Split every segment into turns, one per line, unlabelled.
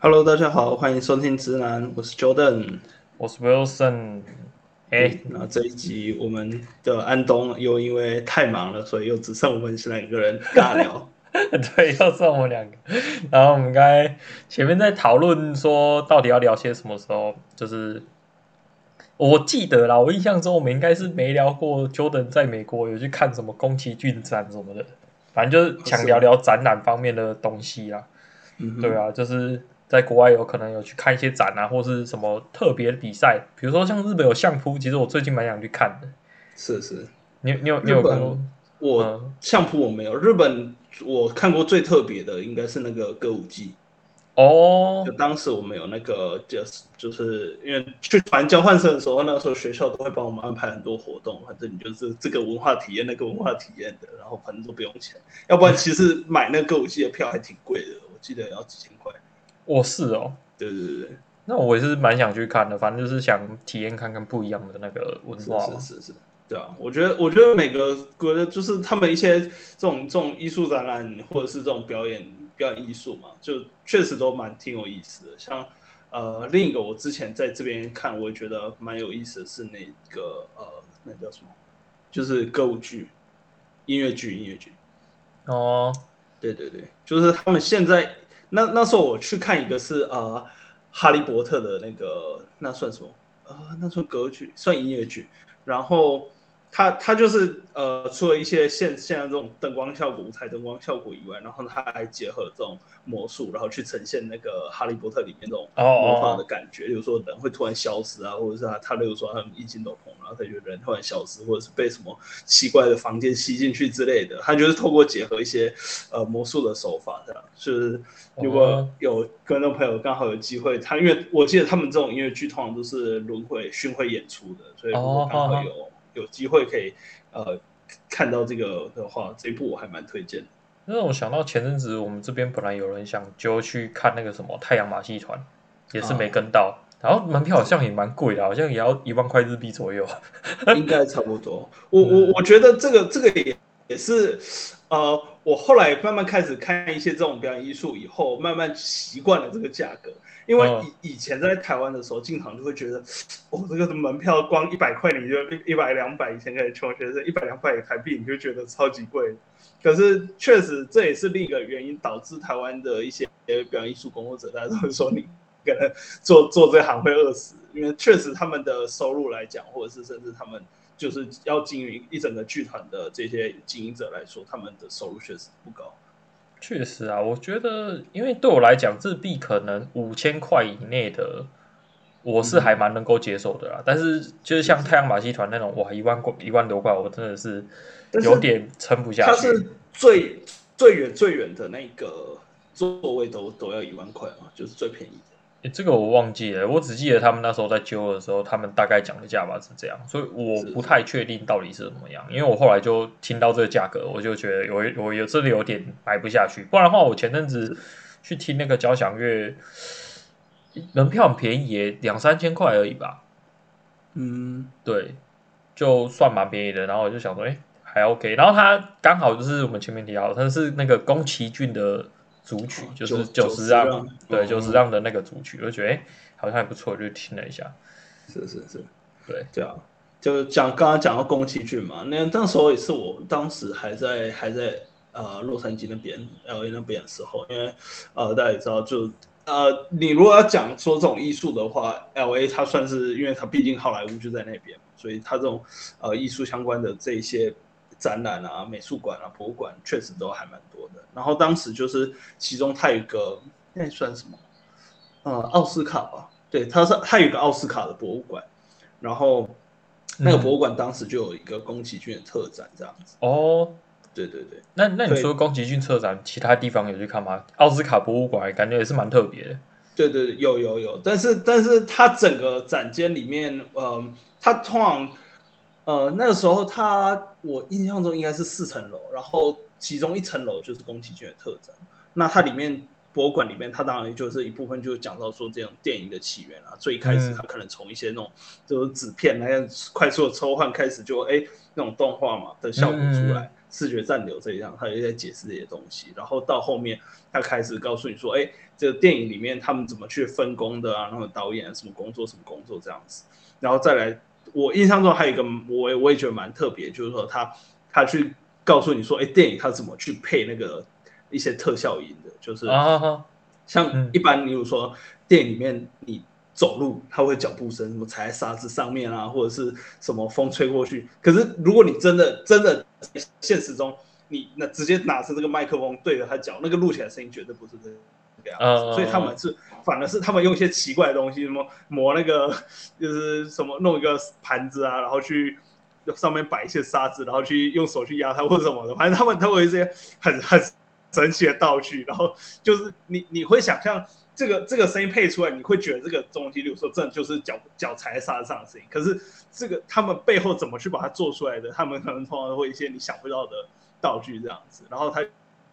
Hello，大家好，歡迎收聽直男，我是 Jordan，我是 Wilson、欸。哎，那這一集我們的安東又因為太忙了，所以
又只剩我們兩個人尬聊。 對，又剩我們兩個。然後我們該前面在討論說到底要聊些什麼時候，就是我記得啦，我印象中我們應該是沒聊過 Jordan 在美國有去看什麼宮崎駿展什麼的，反正就是想聊聊展覽方面的東西啊。是對啊，嗯、哼就是。在國外有可能有去看一些展啊，或是什麼特別的比賽，比如說像日本有相撲，其實我最近蠻想去看的。是是，你你有日本？你有看過？我
相撲我沒有。日本我看過最特別的應該是那個歌舞伎。哦。就當時我沒有那個，就是就是因為去團交換生的時候，那時候學校都會幫我們安排很多活動，反正你就是這個文化體驗那個文化體驗的，然後反正都不用錢。 要不然其實買那個歌舞伎的票還挺貴的，我記得要幾千。
我、哦、是哦，對對對對，那我也是蠻想去看的，反正就是想體驗看看不一樣的那個文化嘛，是是是，對啊，
我覺得我覺得每個國的就是他們一些這種這種藝術展覽或者是這種表演表演藝術嘛，就確實都蠻挺有意思的。像呃另一個我之前在這邊看，我也覺得蠻有意思的是那個呃那叫什麼，就是歌舞劇、音樂劇、音樂劇哦，對對對，就是他們現在。那那時候我去看一個是啊，呃《哈利波特》的那個，那算什麼啊？呃，那算歌劇，算音樂劇，然後。他他就是呃，除了一些現現在這種燈光效果、舞台燈光效果以外，然後他還結合這種魔術，然後去呈現那個《哈利波特》裡面那種魔法的感覺。Oh、比如說人會突然消失啊，或者是他，他比如說他們一進斗篷，然後他就人突然消失，或者是被什麼奇怪的房間吸進去之類的。他就是透過結合一些呃魔術的手法這樣，就是如果有觀眾朋友剛好有機會，他因為我記得他們這種音樂劇通常都是輪迴巡
迴演出的，所以如果剛好有。Oh 有機會可以呃看到這個的話，這一部我還蠻推薦的。那我想到前陣子我們這邊本來有人想揪去看那個什麼《太陽馬戲團》，也是沒跟到，啊、然後門票好像也蠻貴的，嗯、好像也要一萬塊日幣左右，應該差不多。 我我我覺得這個這個也也
是。嗯呃，我後來慢慢開始看一些這種表演藝術以後，慢慢習慣了這個價格。因為以以前在台灣的時候，嗯、經常就會覺得，我、哦、這個門票光一百塊你就一百兩百，以前開始窮學生一百兩百台幣你就覺得超級貴。可是確實這也是另一個原因導致台灣的一些表演藝術工作者，大家都會說你可能做 做、做這行會餓死，因為確實他們的收入來講，或者是甚至他們。就是要經營一整個劇團的這些經營者來說，他們的收入確實不高。
確實啊，我覺得，因為對我來講，日幣可能五千塊以內的，我是還蠻能夠接受的啦。嗯、但是，就是像太陽馬戲團那種，哇，一萬塊、一萬多塊，我真的是有點撐不下去。是，他是
最最遠最遠的那個座位都都要一
萬塊啊，就是最便宜。欸、這個我忘記了，我只記得他們那時候在揪的時候，他們大概講的價吧是這樣，所以我不太確定到底是怎麼樣，是因為我後來就聽到這個價格，我就覺得我我有這裡、個、有點買不下去。不然的話，我前陣子去聽那個交響樂，門票很便宜耶，兩三千塊而已吧。嗯，對，就算蠻便宜的，然後我就想說，哎、欸，還 OK。然後他剛好就是我們前面提到的，他是那個宮崎駿的。主曲就是久石讓。久石讓，對，久石讓的那個主曲，就、嗯、覺得哎，好像還不錯，就聽了一下。是是是，對，這
樣、啊、就是講剛剛講到宮崎駿嘛，
那那時候也是我
當時還在還在呃洛杉磯那邊，L A 那邊的時候，因為呃大家也知道，就呃你如果要講說這種藝術的話，L A 它算是因為它畢竟好萊塢就在那邊，所以它這種呃藝術相關的這一些。展覽啊，美術館啊，博物館確實都還蠻多的。然後當時就是其中他有一個，那算什麼？呃，奧斯卡吧。對，它是它有一個奧斯卡的博物館。然後那個博物館當時就有一個宮崎駿的特展，這
樣子。嗯、哦，對對對。那那你說宮崎駿特展，對其他地方有去看嗎？奧斯卡博物館感覺也是蠻特別的。
對，對對，有有有，但是但是它整個展間裡面，嗯、呃，它通常。呃，那個時候他，我印象中應該是四層樓，然後其中一層樓就是宮崎駿的特展。那它裡面博物館裡面，它當然就是一部分，就是講到說這種電影的起源啊，最開始它可能從一些那種、嗯、就是紙片那樣快速的抽換開始就，就、欸、哎那種動畫嘛的效果出來，嗯嗯視覺暫留這樣，他也在解釋這些東西。然後到後面，他開始告訴你說，哎、欸，這個電影裡面他們怎麼去分工的啊，那種導演、啊、什麼工作什麼工作這樣子，然後再來，我印象中還有一個，我也我也覺得蠻特別，就是說他他去告訴你說，哎，電影他怎麼去配那個一些特效音的，就是像一般，你比如說電影裡面你走路，他會腳步聲，什麼踩在沙子上面啊，或者是什麼風吹過去。可是如果你真的真的現實中，你那直接拿着這個麥克風對着他腳，那個錄起來聲音絕對不是這樣。啊，所以他們是反而是他們用一些奇怪的東西，什麼磨那個就是什麼弄一個盤子啊，然後去上面擺一些沙子，然後去用手去壓它或者什麼的，反正他們都會一些很很神奇的道具。然後就是你你會想象這個這個聲音配出來，你會覺得這個東西，比如說這就是腳腳踩在沙子上的聲音。可是這個他們背後怎麼去把它做出來的？他們可能通常都會一些你想不到的道具這樣子。然後他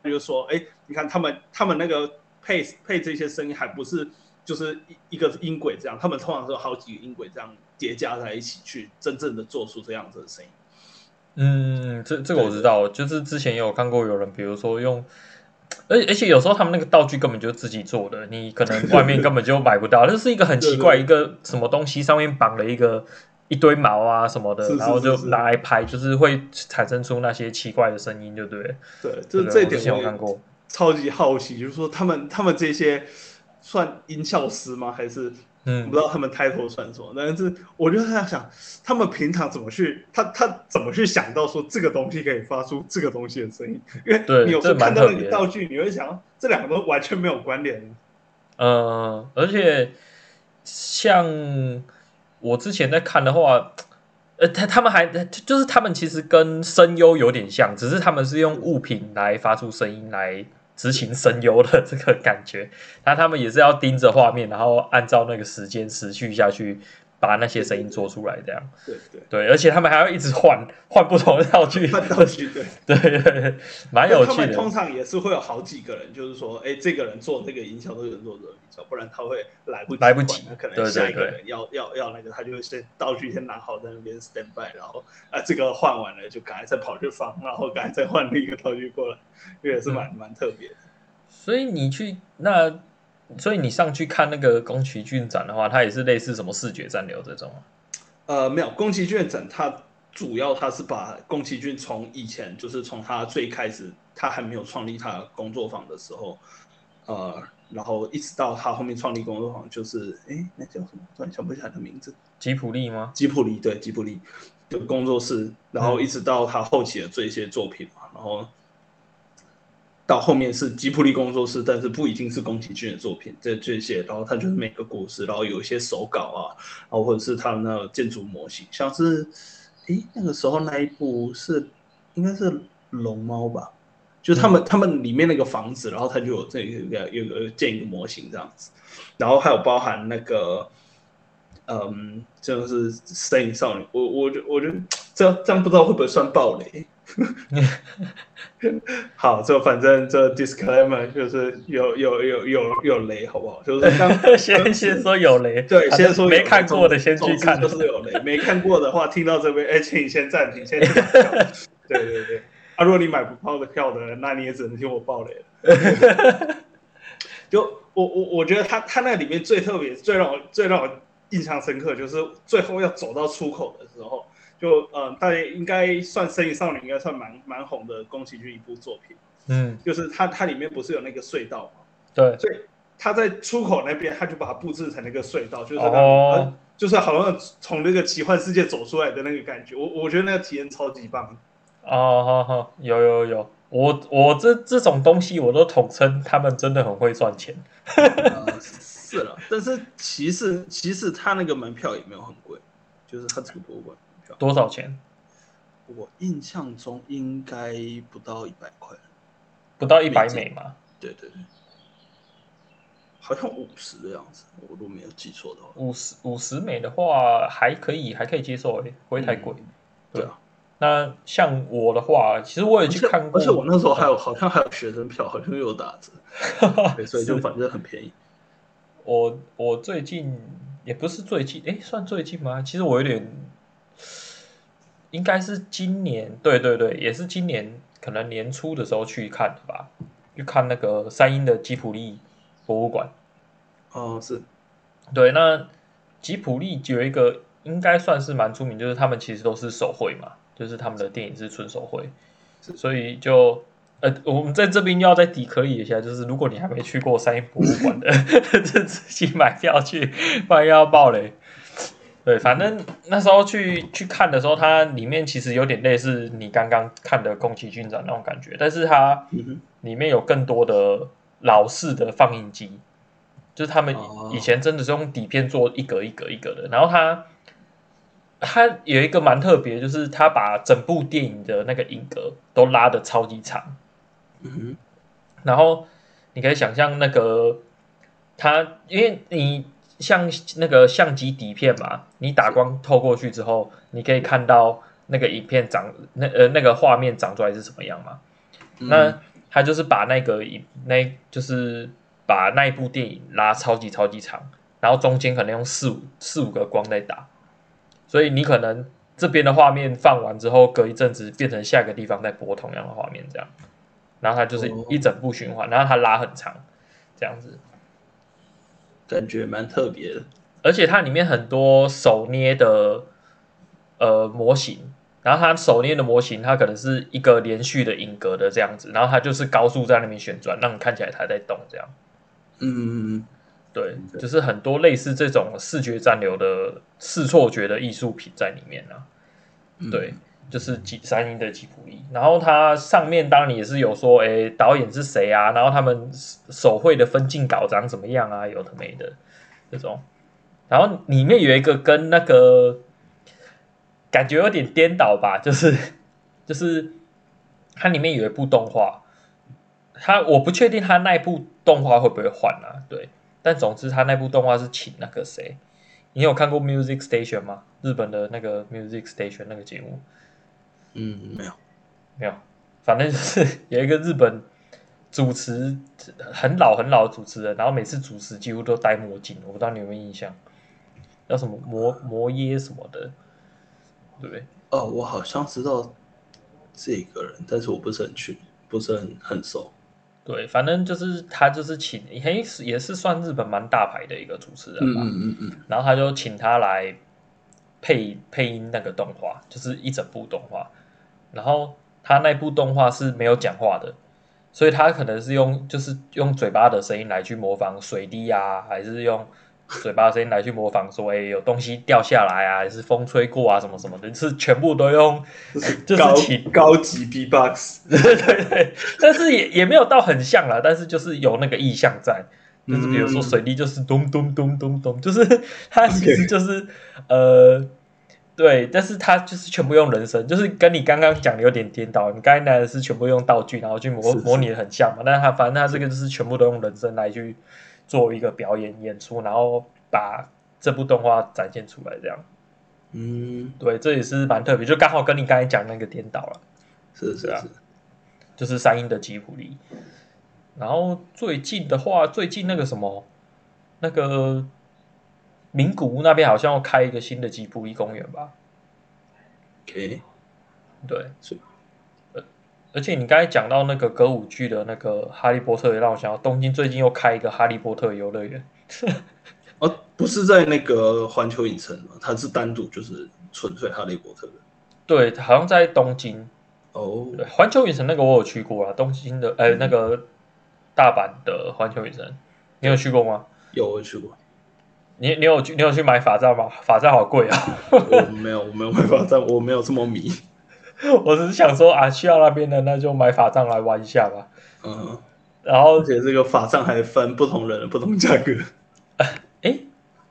他就說：“哎、欸，你看他們他們那個。”配配這些聲音還不是，就是一一個音軌這樣，他們通常是有好幾個音軌這樣疊加在
一起，去真正的做出這樣子的聲音。嗯，這這個我知道，對對對，就是之前有看過有人，比如說用，而且而且有時候他們那個道具根本就自己做的，你可能外面根本就買不到， 這是一個很奇怪，一個什麼東西上面綁了一個一堆毛啊什麼的，是是是是，然後就拿來拍，就是會產生出那些奇怪的聲音，就對。對，
就是這點我有看
過。超級好奇，就是說他們他們這些
算音效師嗎？還是嗯，我不知道他們 title 算什麼？但、嗯就是我就在想，他們平常怎麼去他他怎麼去想到說這個東西可以發出這個東西的聲音？因為你有時候看到一個道具，你會想這兩個都完全沒有關聯。嗯、
呃，而且像我之前在看的話。呃，他他們還就是他們其實跟聲優有點像，只是他們是用物品來發出聲音來執行聲優的這個感覺。那他們也是要盯着畫面，然後按照那個時間持續下去。把那些聲音做出來，這樣對對對，對，對，而且他們還要一直換換不同的道具換道具，對， 對對對，蠻有趣的。他們通
常也是會有好幾個人，就是說，哎，這個人做這個音效，那個人做那個音效，不然他會來不及來不及。那可能下一個人要對對對要要那個，他就會先道具先拿好在那邊 stand by，然後啊、呃，這個換完了就趕快再跑去放，然後趕快再換另一個道具過來，因為也是蠻、嗯、蠻特別的。
所以你去那。所以你上去看那個宮崎駿展的話，它也是類似什麼視覺暫留這種呃，
沒有，宮崎駿展它主要它是把宮崎駿從以前就是從他最開始他還沒有創立他的工作坊的時候，呃，然後一直到他後面創立工作坊，就是哎、欸，那叫什麼？突然想不起來的名字，吉卜力嗎吉卜力？吉卜力，對，吉卜力就工作室，然後一直到他後期的這一些作品嘛，嗯、然後。到後面是吉卜力工作室，但是不一定是宮崎駿的作品。這這些，然後他就是每個故事，然後有一些手稿啊，然後或者是他的那個建築模型，像是，誒，那個時候那一部是應該是龍貓吧？就他們、嗯、他們裡面那個房子，然後他就有這個、有個有個建一個模型這樣子，然後還有包含那個，嗯，就是聲影少女，我我就我覺得。這這樣不知道會不會算爆雷？ 好，就反正這 disclaimer 就是有有有有有雷，好不好？
就是剛剛先先說有雷，對，啊、先說沒看過的先去看，就是有雷。
沒看過的話，聽到這邊，哎，請你先暫停，先去買票 對對對。啊，如果你買不爆的票的，那你也只能聽我爆雷 就我我我覺得他他那裡面最特別、最讓我最讓我印象深刻，就是最後要走到出口的時候。就嗯、呃，大家應該算《神隱少女》，應該算蠻蠻紅的宮崎駿一部作品。嗯，就是它它裡面不是有那個隧道嗎？
對，
所以他在出口那邊，他就把它布置成那個隧道，就是剛剛哦、呃，就是好像從那個奇幻世界走出來的那個感覺。我我覺得那個體驗超級棒。
哦，好好，有有有，我我這這種東西我都統稱他們真的很會賺錢。
呃、是了，但是其實其實他那個門票也沒有很貴，就是他這個博物館。想多少錢？我印象中應該不
到一百塊，不到一百美嗎？對對對，好像五十的樣子。我都沒有記錯的話，五十五十美的話還可以，還可以接受、欸，不會太貴。嗯、對,對啊，那像我的話，其實我也去看過而，而且我那時候還有，對好像還有學生票，好像有打折， 是所以就反正很便宜。我我最近也不是最近，哎、欸，算最近嗎？其實我有點。應該是今年，對對對，也是今年，可能年初的時候去看的吧，去看那個三鷹的吉普力博物館。哦，是，對，那吉普力有一個應該算是蠻出名，就是他們其實都是手繪嘛，就是他們的電影是純手繪，是所以就，呃，我們在這邊要再提醒一下，就是如果你還沒去過三鷹博物館的，就直接買票去，不然又要爆雷。對，反正那時候去去看的時候，它裡面其實有點類似你剛剛看的宮崎駿展那種感覺，但是它裡面有更多的老式的放映機，就是他們以前真的是用底片做一格一格一格的。然後它它有一個蠻特別，就是它把整部電影的那個影格都拉得超級長。嗯哼，然後你可以想象那個它，因為你。像那個相機底片嘛，你打光透過去之後，你可以看到那個影片長，那呃那個畫面長出來是什麼樣嘛？那他就是把那個，那就是把那一部電影拉超級超級長，然後中間可能用四五四五個光在打，所以你可能這邊的畫面放完之後，隔一陣子變成下一個地方再播同樣的畫面這樣，然後它就是一整部循環，哦、然後它拉很長這樣子。
感覺蠻特別的，
而且它裡面很多手捏的呃模型，然後它手捏的模型，它可能是一個連續的影格的這樣子，然後它就是高速在那邊旋轉，讓你看起來它在動這樣。嗯，
嗯，嗯，
對，Okay. 就是很多類似這種視覺暫留的視錯覺的藝術品在裡面呢、啊。嗯、
對。
就是吉三鷹的吉卜力，然後它上面當然也是有說，哎，導演是誰啊？然後他們手繪的分鏡稿長怎麼樣啊？有的沒的這種，然後裡面有一個跟那個感覺有點顛倒吧，就是就是它裡面有一部動畫，它我不確定它那部動畫會不會換啊？對，但總之它那部動畫是請那個誰，你有看過 Music Station 嗎？日本的那個 Music Station 那個節目。嗯，沒有，沒有，反正就是有一個日本主持，很老很老的主持人，然後每次主持幾乎都戴墨鏡，我不知道你有沒有印象，叫什麼摩摩耶什麼的，對不對？哦，我好像知道這個人，但是我不是很
去，不是很很熟。
對，反正就是他就是請，嘿、欸，也是算日本蠻大牌的一個主持人吧。嗯嗯嗯，然後他就請他來配配音那個動畫，就是一整部動畫。然後他那部動畫是沒有講話的，所以他可能是用就是用嘴巴的聲音來去模仿水滴呀、啊，還是用嘴巴的聲音來去模仿說 哎，有東西掉下來啊，還是風吹過啊什麼什麼的，就是全部都用高級高級 B box， 對對對，但是也也沒有到很像了，但是就是有那個意象在，就是比如說水滴就是咚咚咚咚咚，就是他其實就是 呃。對，但是他就是全部用人聲，就是跟你剛剛講的有點顛倒。你剛才講的是全部用道具，然後去模是是模擬的很像嘛？但他反正他這個就是全部都用人聲來去做一個表演演出，然後把這部動畫展現出來這樣。嗯，對，這也是蠻特別，就剛好跟你剛才講那個顛倒了、啊。是是，是啊，就是三鷹的吉普力。然後最近的話，最近那個什麼，那個。名古屋那邊好像要開一個新的吉卜力公園吧？誒，Okay. 對，是以，而且你剛才講到那個歌舞劇的那個《哈利波特》，也讓我想到東京最近又開一個《哈利波特》遊樂園。
哦，不是在那個環球影城嗎，它是單獨，就是
純粹《哈利波特》的。對，好像在東京。哦、oh.，環球影城那個我有去過啊，東京的，呃、欸，嗯、那個大阪的環球影城，你有去過嗎？有，我有去過。你你有去你有去買法杖嗎？法杖好貴啊！ 我
沒有，我沒有買法杖，我沒有這麼迷。
我只是想說啊，去到那邊的那就買法杖來玩一下吧。
嗯，然後而且這個法杖還分不同人的不同價格。哎、
欸，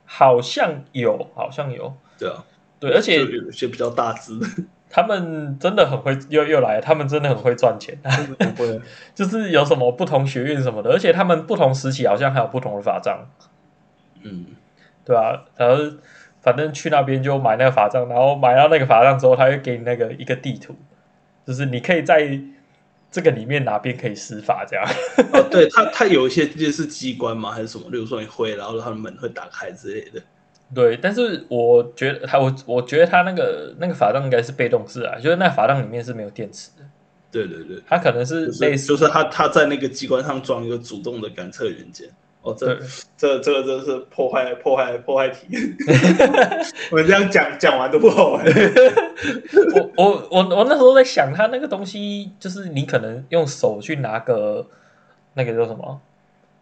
好像有，好像有。對啊，對，而且有些比較大隻的。他們真的很會，又又來，他們真的很會賺錢。 就是有什麼不同學院什麼的，而且他們不同時期好像還有不同的法杖。嗯。對啊，然後反正去那邊就買那個法杖，然後買到那個法杖之後，他會給你那個一個地圖，就是你可以在這個裡面哪邊可以施法這樣。
哦，對，他他有一些就是機關嘛，還是什麼，例如說
你會，然後他的門會打開之類的。對，但是我覺得他我我覺得他那個那個法杖應該是被動式啊，就是那個法杖裡面是沒有電池的。對對對，他可能是類似、就是、
就是他他在那個機關上裝一個主動的感測元件。哦，這對這這個真是破壞破壞破壞體驗。 我這樣講 講完都不
好玩。 我我我我那時候在想，他那個東西就是你可能用手去拿個那個叫什麼，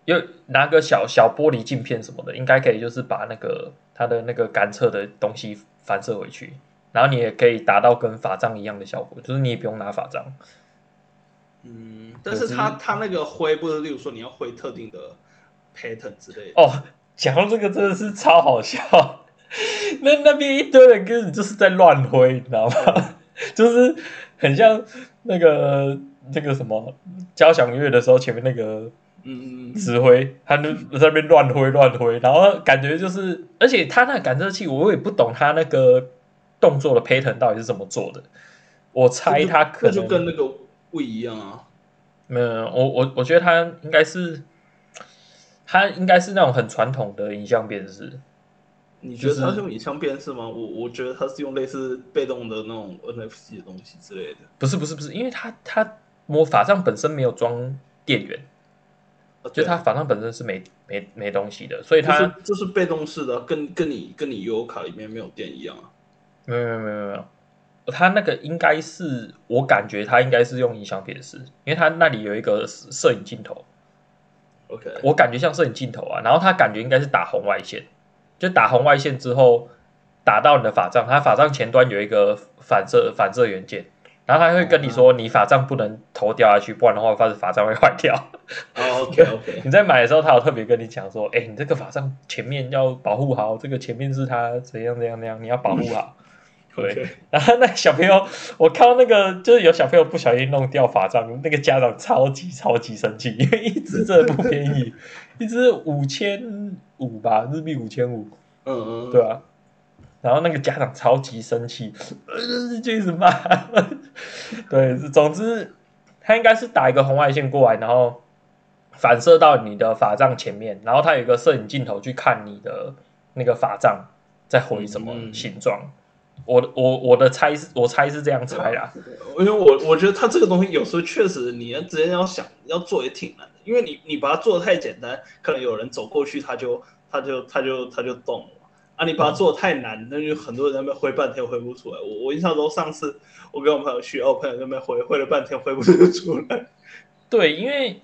又拿個小小玻璃鏡片什麼的，應該可以就是把那個它的那個感測的東西反射回去，然後你也可以達到跟法杖一樣的效果，就是你也不用拿法杖。嗯，但是他是
他那個揮，不是例如說你要揮特定的 pattern
之類的哦，講到這個真的是超好笑， 那。那那邊一堆人跟你就是在亂揮，你知道嗎？嗯、就是很像那個那個什麼交響樂的時候，前面那個指嗯指揮，他就那、嗯、在那邊亂揮亂揮，然後感覺就是，而且他那感受器我，我也不懂，他那個動作的 pattern 到底是怎麼做的？我猜他可能就，就跟那個不一樣啊。沒有、嗯，我我我覺得他應該是。它應該是那種很傳統的影像辨識，你覺得他是用
影像辨識嗎？就是、我我覺得他是用類似被動的那種 NFC 的
東西之類的。不是不是不是，因為他他魔法杖本身沒有裝電源，Okay. 就他法杖本身是沒沒沒東西的，所以他、就
是、就是被動式的，啊，跟跟你跟你悠遊卡裡面沒有電一樣啊。
沒有沒有沒有沒有，他那個應該是我感覺他應該是用影像辨識，因為他那裡有一個攝影鏡頭。Okay. 我感覺像攝影鏡頭啊，然後他感覺應該是打紅外線，就打紅外線之後打到你的法杖，他法杖前端有一個反射反射元件，然後他會跟你說你法杖不能頭掉下去，不然的話他的法杖會壞掉。Oh, OK OK， 你在買的時候他有特別跟你講說，哎、欸，你這個法杖前面要保護好，這個前面是他怎樣怎樣怎樣，你要保護好。 Okay. 對，然後那小朋友，我看到那個，就是有小朋友不小心弄掉法杖，那個家長超級超級生氣，因為一支真的不便宜，一支五千五吧，日幣五千五，對啊，然後那個家長超級生氣，就
一直罵。
對，總之他應該是打一個紅外線過來，然後反射到你的法杖前面，然後他有一個攝影鏡頭去看你的那個法杖，在回什麼形狀。嗯嗯我我我的猜是，我猜是這樣猜啦、啊，
因為我我覺得他這個東西有時候確實，你要直接要想要做也挺難的，因為你你把它做的太簡單，可能有人走過去他就他就他就他就，他就動了；啊，你把它做的太難，嗯、那就很多人在那邊揮半天揮不出來。我我印象中上次我跟我朋友去，我朋友在那邊揮揮了半天揮不出來。
對，因為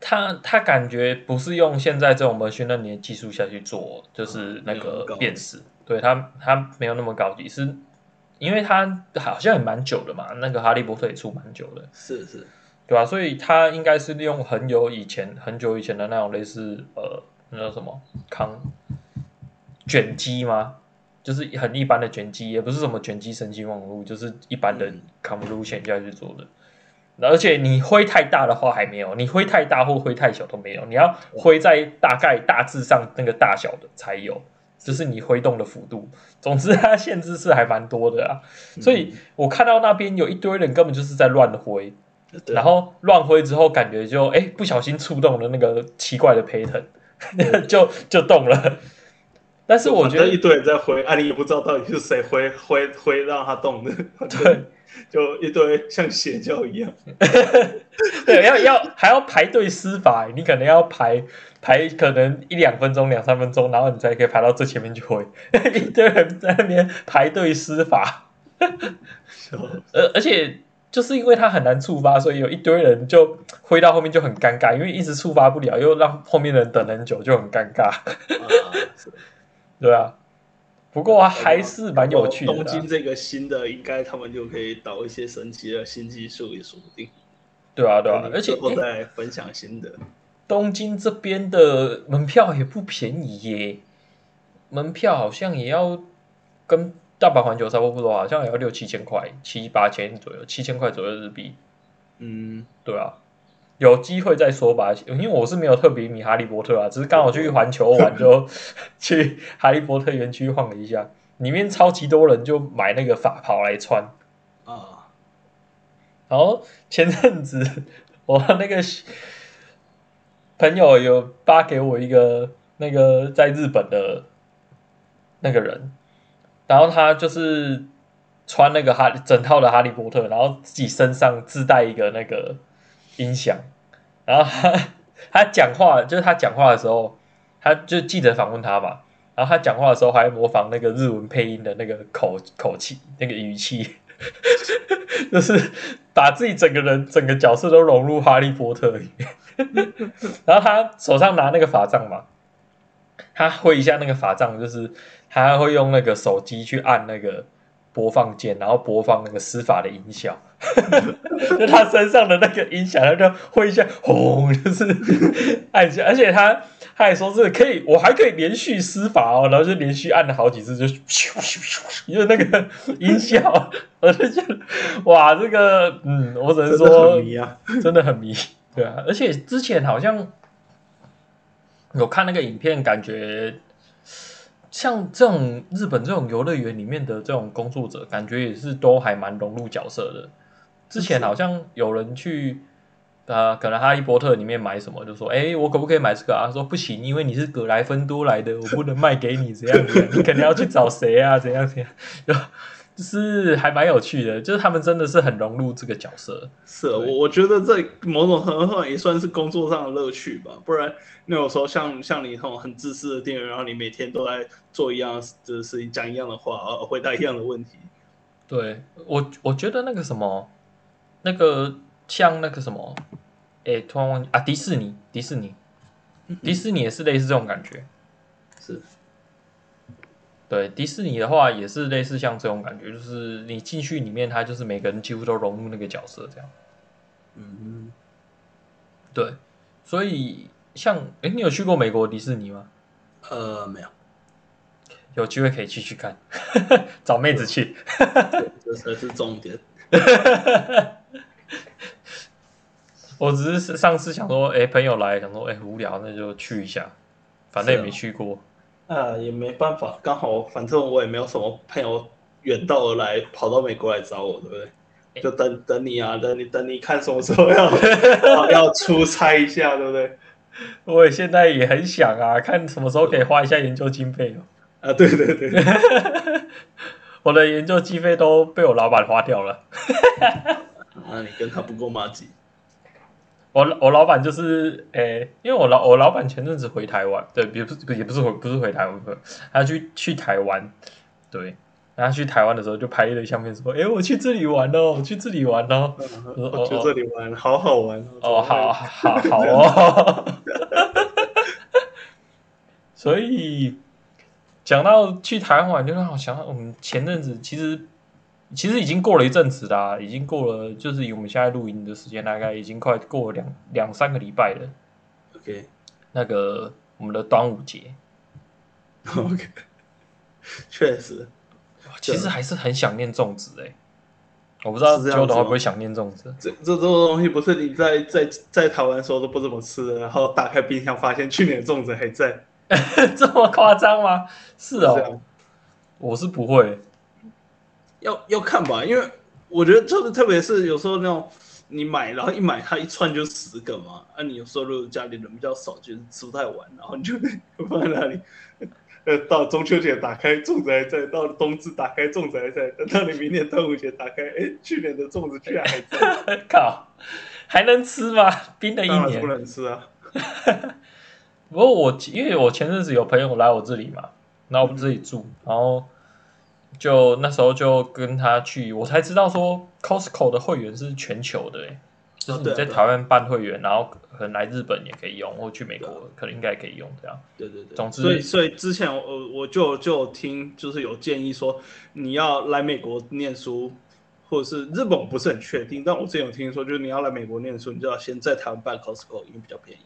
他他感覺不是用現在這種我們訓練你的技術下去做，就是那個辨識。嗯對他，他沒有那麼高級，是因為他好像也蠻久的嘛。那個《哈利波特》也出蠻久的，是是，對吧？所以它應該是利用很久以前，很久以前的那種類似呃，那叫什麼？康卷積嗎？就是很一般的卷積，也不是什麼卷積神經網絡，就是一般的 c o n v o t i o n 現在去做的。嗯、而且你灰太大的話還沒有，你灰太大或灰太小都沒有，你要灰在大概大致上那個大小的才有。就是你揮動的幅度，總之它限制是還蠻多的啊，所以我看到那邊有一堆人根本就是在亂揮，嗯、然後亂揮之後感覺就哎不小心觸動了那個奇怪的 pattern， 就就動了。但是我覺得一堆人
在揮，哎、啊，你也不知道到底是誰揮揮揮讓他動的。對。就一堆像邪教一樣，
對，要要還要排隊施法，你可能要排排可能一兩分鐘兩三分鐘，然後你才可以排到最前面去揮，一堆人在那邊排隊施法，而 而且就是因為他很難觸發，所以有一堆人就揮到後面就很尷尬，因為一直觸發不了，又讓後面的人等很久，就很尷尬， 對啊。不過還是蠻有趣的，啊。對啊對啊，東京這
個新的，應該他們就可以導一些神奇的新技術，也說不定。
對啊，對啊，對啊。而且我再分享新的，哎。東京這邊的門票也不便宜耶，門票好像也要跟大阪環球差不多，好像也要六七千塊，七八千左右，七千塊左右日幣。嗯，對啊。有機會再說吧，因為我是沒有特別迷哈利波特啊，只是剛好去環球玩，就去哈利波特園區晃了一下，裡面超級多人，就買那個法袍來穿啊。然後前陣子我那個朋友有發給我一個那個在日本的那個人，然後他就是穿那個哈，整套的哈利波特，然後自己身上自帶一個那個。心想。然後他他講話，就是他講話的時候，他就記得訪問他吧，然後他講話的時候還模仿那個日文配音的那個口口氣，那個語氣， 就是把自己整個人，整個角色都融入《哈利波特》裡面。然後他手上拿那個法杖嘛，他揮一下那個法杖，就是他會用那個手機去按那個。播放鍵，然後播放那個施法的音效， 就他身上的那個音響，他就會一下，轟，就是按下，而且他他還說是可以，我還可以連續施法哦，然後就連續按了好幾次就，就咻咻咻，就是那個音效，我就覺得哇，這個嗯，我只能說真的很迷啊，真的很迷，對啊，而且之前好像有看那個影片，感覺。像這種日本這種遊樂園裡面的這種工作者，感覺也是都還蠻融入角色的。之前好像有人去，啊、呃，可能《哈利波特》裡面買什麼，就說：“哎、欸，我可不可以買這個？”啊？說：“不行，因為你是格萊芬多來的，我不能賣給你，這樣子、啊，你肯定要去找誰啊？怎樣怎樣。”是還蠻有趣的，就是他們真的是很融入這個角色。是我、啊、我覺得在
某種程度上也算是工作上的樂趣吧，不然那有時候像像你那種很自私的店員，然後你每天都在做一樣的事情，講一樣的話，呃，回答一樣的問題。
對，我我覺得那個什麼，那個像那個什麼，哎，突然問，啊，迪士尼，迪士尼，嗯、哼迪士尼也是類似這種感覺，是。對迪士尼的話，也是類似像這種感覺，就是你進去裡面，他就是每個人幾乎都融入那個角色這樣。嗯，對，所以像哎，你有去過美國迪士尼嗎？呃，沒有，有機會可以去去看， 找妹子去， 這才是重點。 我只是上次想說，哎，朋友來，想說，哎，無聊，那就去一下，反正也沒去過。
啊，也沒辦法，剛好反正我也沒有什麼朋友遠道而來跑到美國來找我，對不對？就等等你啊，等你等你看什麼時候要
啊、要出差一下，對不對？我現在也很想啊，看什麼時候可以花一下研究經費啊，對對對， 我的研究經費都被我老闆花掉了。那、 啊、你跟他不夠麻吉。我我老闆就是誒，因為我老我老闆前陣子回台灣，對，不也不是回不是回台灣，他去去台灣，對，然後去台灣的時候就拍了一堆相片，說：“哎，我去這裡玩哦，我去這裡玩哦，嗯、我去說這裡玩，哦、好好玩哦，玩好好好哦。好” 所以講到去台灣，就是好想到我們前陣子其實。其實已經過了一陣子啦、啊，已經過了，就是以我們現在錄音的時間，大概已經快過了兩兩三個禮拜了。OK，那個我們的端午節，OK，確實，其實還是很想念粽子誒。子我不知道秋冬會不會想念粽子這。這這這種東西，不是你在
在在台灣時候都不怎麼吃的，然後打開冰箱發現去年的粽子還在， 這麼誇張嗎？是哦，我是不會。要要看吧，因為我覺得就是特別是有時候那種你買，然後一買它一串就十個嘛，那、啊、你有時候如果家裡人比較少，就是吃不太完，然後你就放在那裡，呃到中秋節打開粽子還在，到了冬至打開粽子還在，等到你明年端午節打開，哎、欸、去年的粽子居然還在、欸，呵呵，靠還能吃
嗎？冰的，一年，
不能吃啊。
不過我因為我前陣子有朋友來我這裡嘛，然那我們這裡住，嗯、然後。就那時候就跟他去，我才知道說 Costco 的會員是全球的誒，就是你在台灣辦會員，哦對啊、對。然後可能來日本也可以用，或去美國可能應該也可以用這樣。對。對對對。總之，所以
所以之前我我就就聽就是有建議說，你要來美國念書，或者是日本我不是很確定，但我之前有聽說，就是你要來美國念書，你就要先在台灣辦 Costco，因為比較便宜。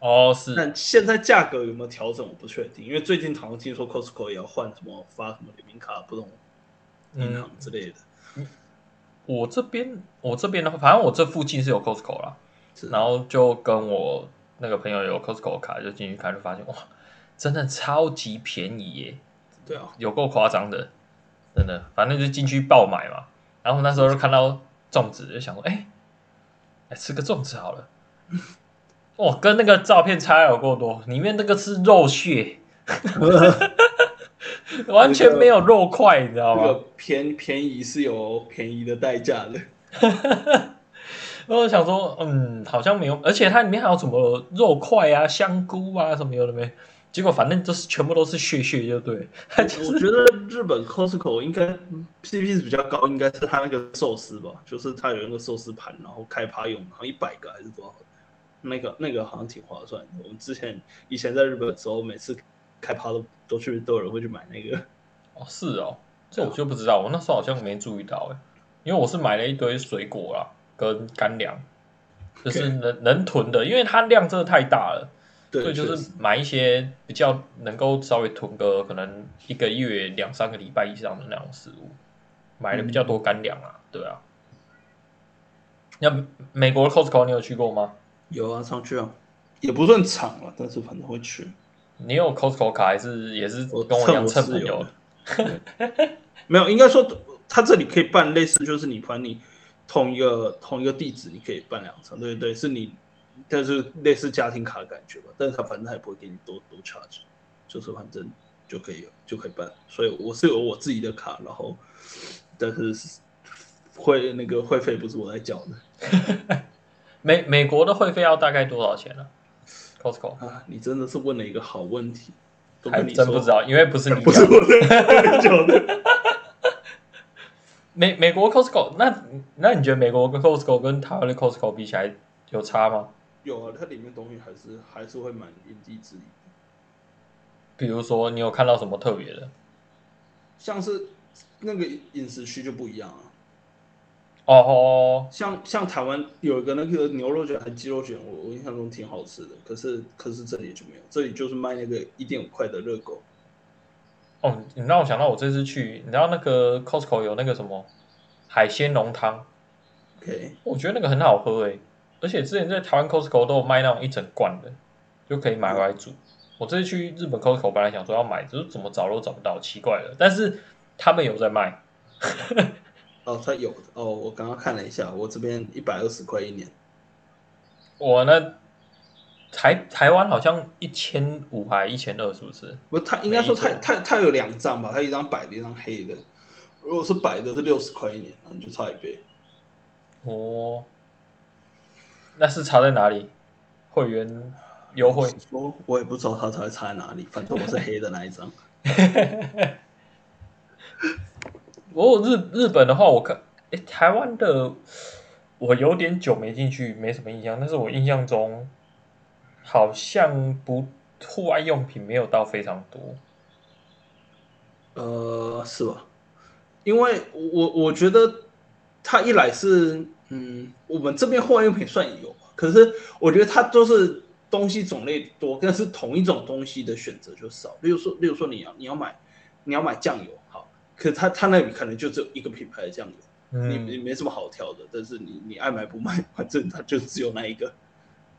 哦，是。但現在價格有沒有調整？我不確定，因為最近好像聽說 Costco 也要換什麼發什麼聯名卡，不同銀行
之類的。嗯、我這邊我這邊的話，反正我這附近是有 Costco 啦，是然後就跟我那個朋友有 Costco 卡就進去看，就發現哇，真的超級便宜耶！
對
啊，有夠誇張的，真的。反正就進去爆買嘛，然後那時候就看到粽子，就想說，哎、欸，來吃個粽子好了。 哇、哦，跟那個照片差有夠多，裡面那個是肉屑， 完全沒有肉塊，你知道嗎？偏
便宜是有便宜的代價的。
我想說，嗯，好像沒有，而且它裡面還有什麼肉塊啊、香菇啊什麼有的沒？結果反正就是全部都是屑屑就對了、就是我。我覺得日本 Costco 應該
CP 值比較高，應該是他那個壽司吧，就是他有那個壽司盤，然後開趴用，然後一百個還是好多少？那個那個好像挺划算。我們之前以前在日本的時候，每次
開趴都都去都有人會去買那個。哦，是哦，這我就不知道。我那時候好像沒注意到哎，因為我是買了一堆水果啊，跟乾糧，就是能 Okay. 能囤的，因為它量真的太大了，
對所以就是
買一些比較能夠稍微囤個可能一個月兩三個禮拜以上的那種食物，買的比較多乾糧啊，嗯、對啊。那美國 Costco 你有去過嗎？有啊，上去啊，也不算長了，但是反正會去。你有 Costco 卡還是也是跟我一樣蹭朋友、 嗯？
沒有，應該說他這裡可以辦類似，就是你反正你同一個同一個地址，你可以辦兩張，對對，是你，但是類似家庭卡的感覺吧。但是他反正也不會給你多多 charge，就是反正就可以就可以辦。所以我是有我自己的卡，然後但是會那個會費不是我在繳的。
美美國的會費要大概多少錢呢？Costco 啊，
你真的是問了一個好問題。你
還真不知道，因為不是你不是我。美美國 Costco，那那你覺得美國跟 Costco 跟台灣的 Costco 比起來有差嗎？
有啊，它裡面東西還是還是會蠻因地制宜。
比如說，你有看到什麼特別的？
像是那個飲食區就不一樣啊。哦、oh，像像台灣有一個那個牛肉卷還雞肉卷，我我印象中挺好吃的。可是可是這裡就沒有，這裡就是賣那個一
點五塊的熱狗。哦，oh, 你讓我想到我這次去，你知道那個 Costco 有那個什麼海鮮濃湯？OK，我覺得那個很好喝誒、欸，而且之前在台灣 Costco 都有賣那種一整罐的，就可以買回來煮。Yeah. 我這次去日本 Costco，本來想說要買，就是怎麼找都找不到，奇怪了。但是他們有在賣。
哦，他有哦，我剛剛看了一下，我這邊一百二十塊一年。
我呢，台台灣好像一千五還一千二，是不是？
不是，他應該說他他他有兩張吧，他一張白的，一張黑的。如果是白的，是六十塊一年，你就差一倍。哦，
那是差在哪裡？會員優惠？我我也不知道他才會差在哪裡，反正我是黑的那一張。 哦，日日本的話我可，我看誒，台灣的我有點久沒進去，沒什麼印象。但是我印象中好像不戶外用品沒有到非常多，
呃，是吧？因為我我覺得它一來是，嗯，我們這邊戶外用品算有，可是我覺得它都是東西種類多，但是同一種東西的選擇就少。比如說，比如說你要你要買你要買醬油。可是他他那裡可能就只有一個品牌的醬油，你你沒什麼好挑的。嗯、但是你你愛買不買，反正它就只有那一個。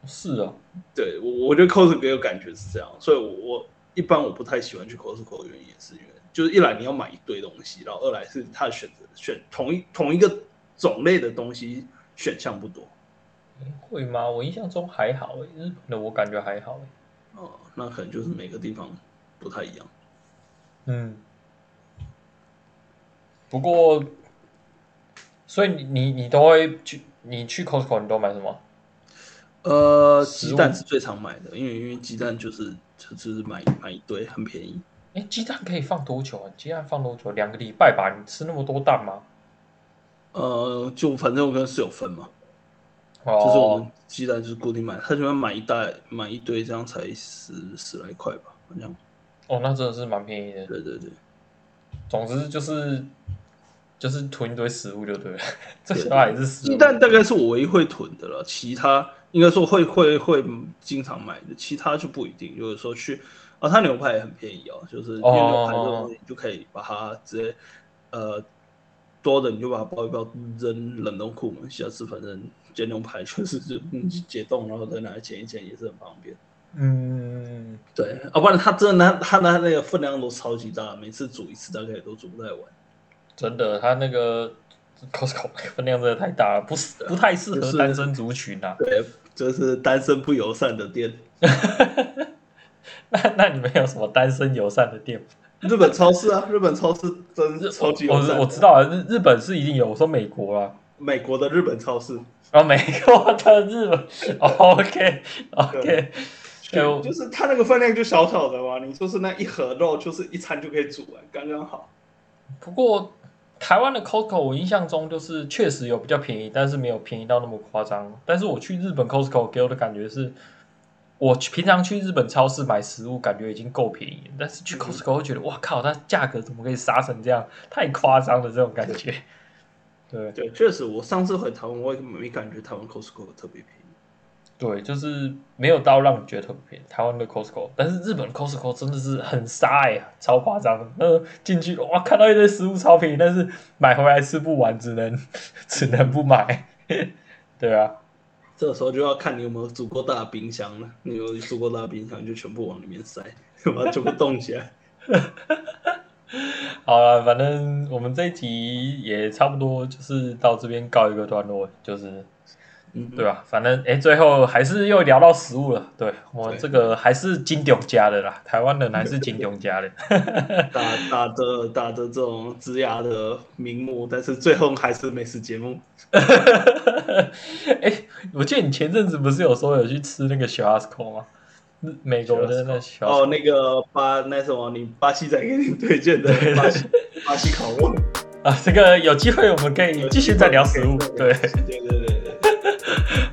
是啊，
對，我我覺得 Costco 感覺是這樣，所以我，我我一般我不太喜歡去 Costco 的原因也是因為，就是一來你要買一堆東西，然後二來是它的選擇選同一同一個種類的東西選項不多。
會嗎？我印象中還好、欸，日本我感覺還好、欸哦。那可能就是每個地方不太一樣。嗯。嗯不過，所以你你你都會去你去 Costco 你都買什麼？
呃，雞蛋是最常買的，因為因為雞蛋就是就是買買一堆很便宜。
哎，雞蛋可以放多久啊？雞蛋放多久？兩個禮拜吧？你吃那麼多蛋嗎？
呃，就反正我跟室友分嘛。哦。就是我們雞蛋就是固定買，他喜歡買一袋買一堆，這樣才十十來塊吧，好像。
哦，那真的是蠻便宜的。對對對。總之就是。就是囤一堆食物就對了，這些也是食物。雞蛋大概是我唯一會囤的了，其他
應該說會會會經常買的，其他就不一定。就是說去啊，他牛排也很便宜哦，就是牛排你就可以把它直接、Oh. 呃，多的你就把它包一包扔冷凍庫嘛，下次反正煎牛排確實就，是就、嗯、解凍然後再拿來煎一煎也是很方便。嗯，Mm.
對。哦、啊，不然他
真的他他的那個分量，都超級大，每次煮一次大概也都煮不太完。
真的，他那個 Costco 分量真的太大了，不是，不太適合單身族群吶、啊就
是。對，這、就是單身不友善的店。 那那你們有
什麼單身友善的店？日本超市啊，
日本超市真超級友善我我。我知道
啊，日日本是一定有。我說美國啊，美國的日本超市啊，美國的日本、 oh, OK OK，就就
是他那個分量就小巧的嘛。我你
說是那一盒肉，就是一餐就可以煮完，剛剛好。不過。台灣的 Costco，我印象中就是確實有比較便宜，但是沒有便宜到那麼誇張。但是我去日本 Costco 給我的感覺是，我平常去日本超市買食物，感覺已經夠便宜，但是去 Costco 會覺得，嗯、哇靠，它價格怎麼可以殺成這樣？太誇張了，這種感覺。對對，對對，
確實，我上次回台灣，我也沒感覺台灣 Costco 特別便宜。
對，就是沒有到讓你覺得特別便宜，台灣的 Costco，但是日本 Costco 真的是很殺，欸，超誇張。那、呃、進去哇，看到一堆食物超便宜，但是買回來吃不完，只能只能不買。呵呵對啊，這時
候就要看你有沒有足夠大的冰箱了。你有足夠大的冰箱，就全部往裡面塞，沒有足夠
凍起來。 好了，反正我們這一集也差不多，就是到這邊告一個段落，就是。嗯、對吧、啊？反正哎，最後還是又聊到食物了。對，我這個還是金鼎家的啦，台灣的還是金鼎家的，對對對
打打的打着這種枝牙的名目，
但是最後
還是美食節目。哈
哈哈！哎，我記得你前陣子不是有說有去吃那個小阿 s c 嗎？美國的那小
哦，那個巴那什麼，你巴西在給你推薦的巴西巴西烤肉
啊。這個有機會我們可以繼續再聊食物。對對，對對對。